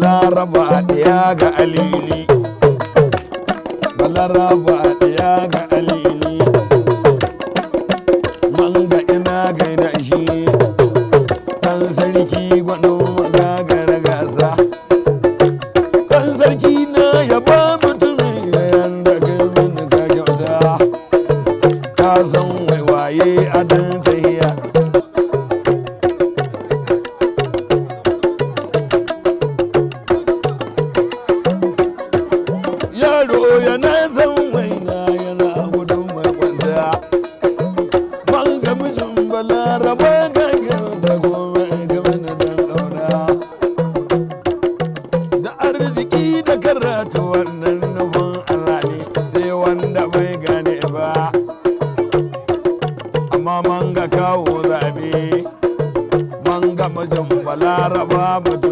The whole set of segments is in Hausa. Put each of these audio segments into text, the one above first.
balaraba a ɗaya ga alili balaraba a ɗaya ga alili man ga ina gaina shi ɗan sarki gwano zabe man gama jan balaraba batu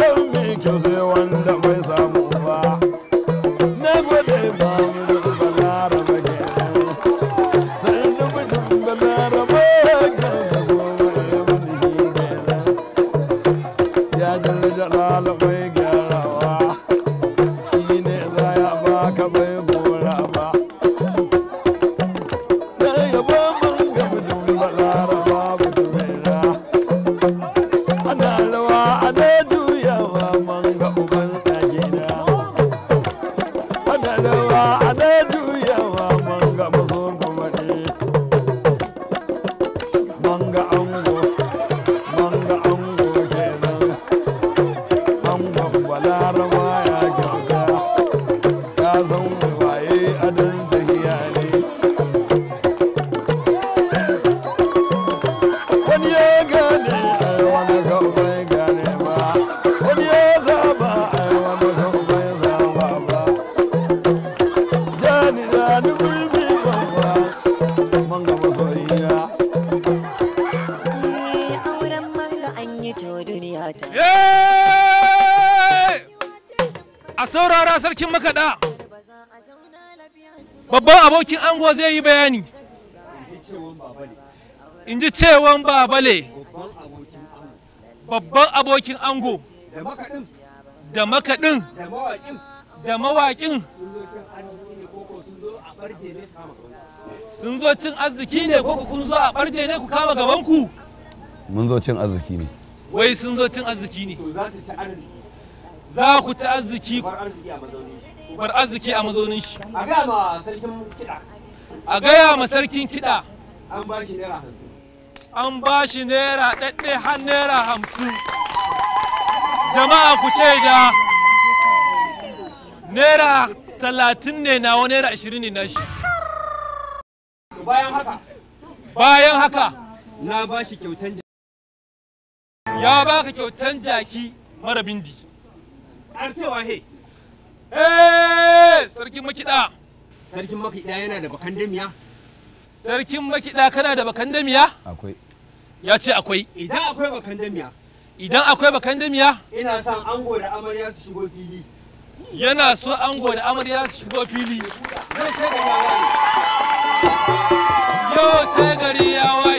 La la. saurara sarkin makaɗa babban abokin ango zai yi bayani in ji cewon babale babban abokin ango da makaɗin da mawaƙin sun zo cin arziki ne ko kun zo a ɓarje ne ku kama gabanku mun zo cin arziki ne wai sun zo cin arziki ne to za su ci arziki za ku ci arziki bar arziki a mazaunin shi a gaya ma sarkin kiɗa a gaya ma sarkin kiɗa an ba shi naira hamsin an ba shi naira ɗaɗɗe har naira hamsin jama'a ku shaida naira talatin ne na wani naira ashirin ne na shi bayan haka bayan haka na ba shi kyautan jaki ya ba ka kyautan jaki mara bindi cewa he eh, sarkin makida sarkin makida yana da bakan damiya sarkin makida kana da bakan damiya akwai ya ce akwai idan akwai bakan damiya idan akwai bakan damiya ina son ango da amarya su shigo fili yana so ango da amarya su shigo fili yau sai gari ya waye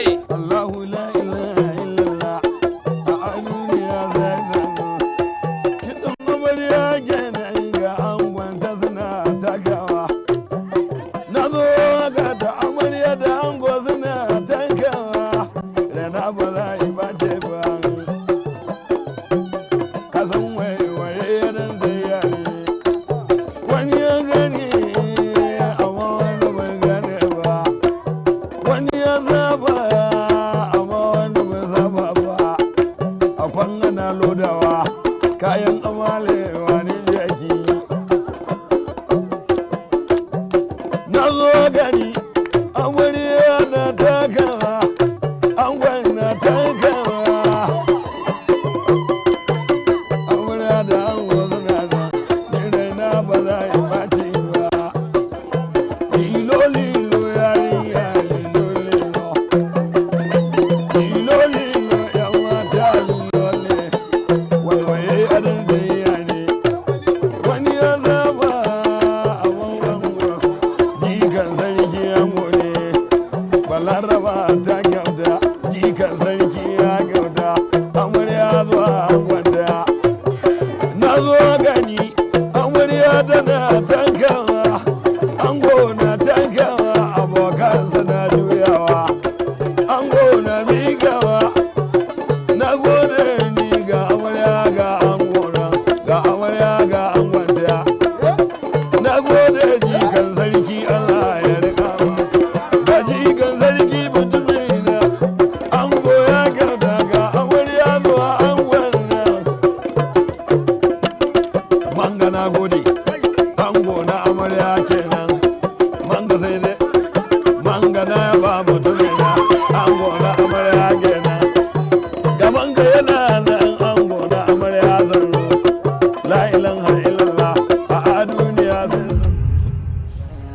pangana lodawa